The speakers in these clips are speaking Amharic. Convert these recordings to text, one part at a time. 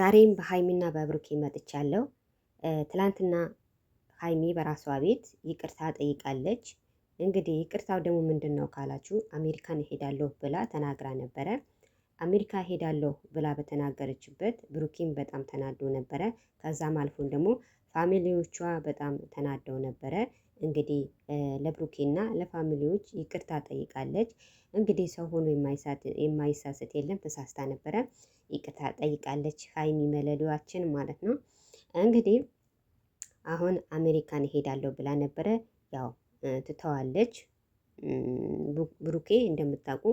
ዛሬም በሀይሚና በብሩኬ መጥቻለሁ። ትላንትና ሀይሚ በራሷ ቤት ይቅርታ ጠይቃለች። እንግዲህ ይቅርታው ደግሞ ምንድን ነው ካላችሁ አሜሪካን ሄዳለሁ ብላ ተናግራ ነበረ። አሜሪካ ሄዳለሁ ብላ በተናገረችበት ብሩኪን በጣም ተናዶ ነበረ። ከዛም አልፎን ደግሞ ፋሚሊዎቿ በጣም ተናደው ነበረ። እንግዲህ ለብሩኬና ለፋሚሊዎች ይቅርታ ጠይቃለች። እንግዲህ ሰው ሆኖ የማይሳሰት የለም፣ ተሳስታ ነበረ። ይቅርታ ጠይቃለች፣ ሀይሚ መለሊዋችን ማለት ነው። እንግዲህ አሁን አሜሪካን እሄዳለሁ ብላ ነበረ፣ ያው ትተዋለች። ብሩኬ እንደምታውቁ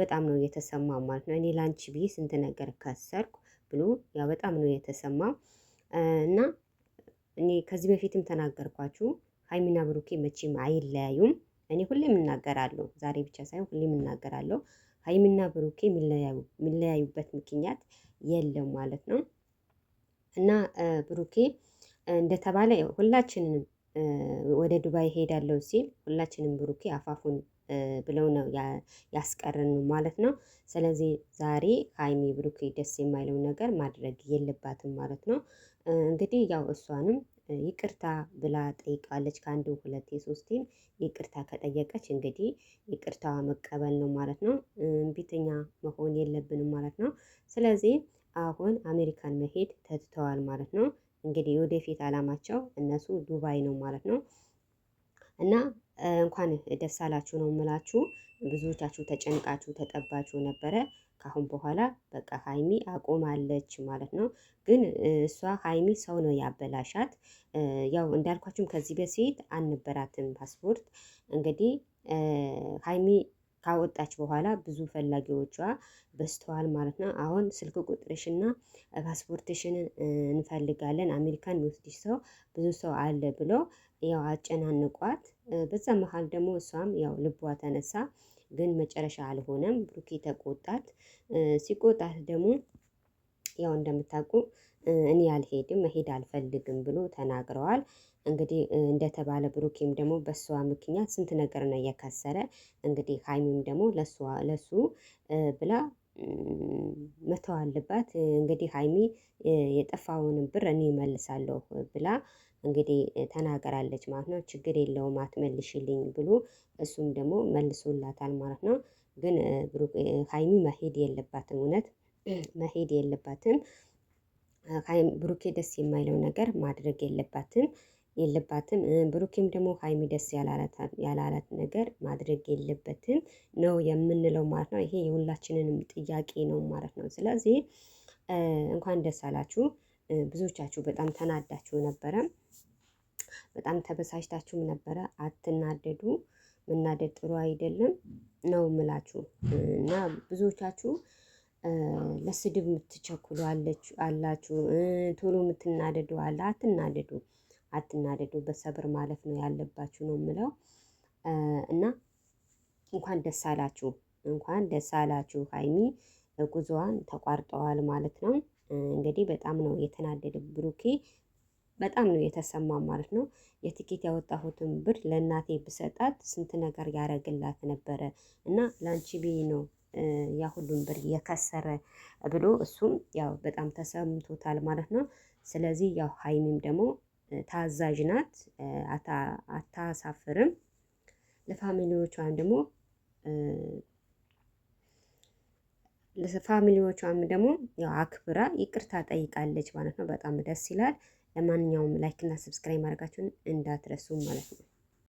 በጣም ነው የተሰማው ማለት ነው። እኔ ላንቺ ብዬ ስንት ነገር ከሰርኩ ብሎ ያው በጣም ነው የተሰማው እና እኔ ከዚህ በፊትም ተናገርኳችሁ ሀይሚና ብሩኬ መቼም አይለያዩም። እኔ ሁሌም እናገራለሁ፣ ዛሬ ብቻ ሳይሆን ሁሌም እናገራለሁ። ሀይሚና ብሩኬ የሚለያዩበት ምክንያት የለም ማለት ነው እና ብሩኬ እንደተባለ ሁላችንንም ወደ ዱባይ ሄዳለሁ ሲል ሁላችንም ብሩኬ አፋፉን ብለው ነው ያስቀርን ማለት ነው። ስለዚህ ዛሬ ሀይሚ ብሩኬ ደስ የማይለው ነገር ማድረግ የለባትም ማለት ነው። እንግዲህ ያው እሷንም ይቅርታ ብላ ጠይቃለች። ከአንዱ ሁለቴ ሶስቴም ይቅርታ ከጠየቀች እንግዲህ ይቅርታ መቀበል ነው ማለት ነው። እምቢተኛ መሆን የለብንም ማለት ነው። ስለዚህ አሁን አሜሪካን መሄድ ተትተዋል ማለት ነው። እንግዲህ ወደፊት አላማቸው እነሱ ዱባይ ነው ማለት ነው። እና እንኳን ደስ አላችሁ ነው የምላችሁ። ብዙዎቻችሁ ተጨንቃችሁ ተጠባችሁ ነበረ። ካሁን በኋላ በቃ ሀይሚ አቆማለች ማለት ነው። ግን እሷ ሀይሚ ሰው ነው ያበላሻት። ያው እንዳልኳችሁም ከዚህ በፊት አንበራትም ፓስፖርት እንግዲህ ሀይሚ ካወጣች በኋላ ብዙ ፈላጊዎቿ በዝተዋል ማለት ነው። አሁን ስልክ ቁጥርሽና ፓስፖርትሽን እንፈልጋለን አሜሪካን የሚወስድሽ ሰው ብዙ ሰው አለ ብሎ ያው አጨናንቋት። በዛ መሀል ደግሞ እሷም ያው ልቧ ተነሳ፣ ግን መጨረሻ አልሆነም። ብሩኬ ተቆጣት። ሲቆጣት ደግሞ ያው እንደምታውቁ እኔ አልሄድም መሄድ አልፈልግም ብሎ ተናግረዋል። እንግዲህ እንደተባለ ብሩኬም ደግሞ በእሷ ምክንያት ስንት ነገር ነው እየከሰረ እንግዲህ ሀይሚም ደግሞ ለሱ ብላ መተው አለባት። እንግዲህ ሀይሚ የጠፋውንም ብር እኔ መልሳለሁ ብላ እንግዲህ ተናገራለች ማለት ነው። ችግር የለውም አትመልሽልኝ ብሎ እሱም ደግሞ መልሶላታል ማለት ነው። ግን ሀይሚ መሄድ የለባትም እውነት መሄድ የለባትም። ብሩኬ ደስ የማይለው ነገር ማድረግ የለባትም የለባትም። ብሩኬም ደግሞ ሀይሚ ደስ ያላላት ነገር ማድረግ የለበትም ነው የምንለው ማለት ነው። ይሄ የሁላችንንም ጥያቄ ነው ማለት ነው። ስለዚህ እንኳን ደስ አላችሁ። ብዙዎቻችሁ በጣም ተናዳችሁ ነበረ፣ በጣም ተበሳጭታችሁም ነበረ። አትናደዱ። መናደድ ጥሩ አይደለም ነው ምላችሁ እና ብዙዎቻችሁ ለስድብ የምትቸኩሉ አላችሁ፣ ቶሎ የምትናደዱ አለ። አትናደዱ፣ አትናደዱ። በሰብር ማለፍ ነው ያለባችሁ ነው የምለው እና እንኳን ደስ አላችሁ፣ እንኳን ደስ አላችሁ። ሀይሚ ጉዞዋን ተቋርጠዋል ማለት ነው። እንግዲህ በጣም ነው የተናደደ ብሩኬ፣ በጣም ነው የተሰማ ማለት ነው። የትኬት ያወጣሁትን ብር ለእናቴ ብሰጣት ስንት ነገር ያደረግላት ነበረ እና ለአንቺ ብዬ ነው ያ ሁሉም ብር የከሰረ ብሎ እሱም ያው በጣም ተሰምቶታል ማለት ነው። ስለዚህ ያው ሀይሚም ደግሞ ታዛዥ ናት፣ አታሳፍርም። ለፋሚሊዎቿም ደግሞ ለፋሚሊዎቿም ደግሞ ያው አክብራ ይቅርታ ጠይቃለች ማለት ነው። በጣም ደስ ይላል። ለማንኛውም ላይክ እና ሰብስክራይብ ማድረጋችሁን እንዳትረሱ ማለት ነው።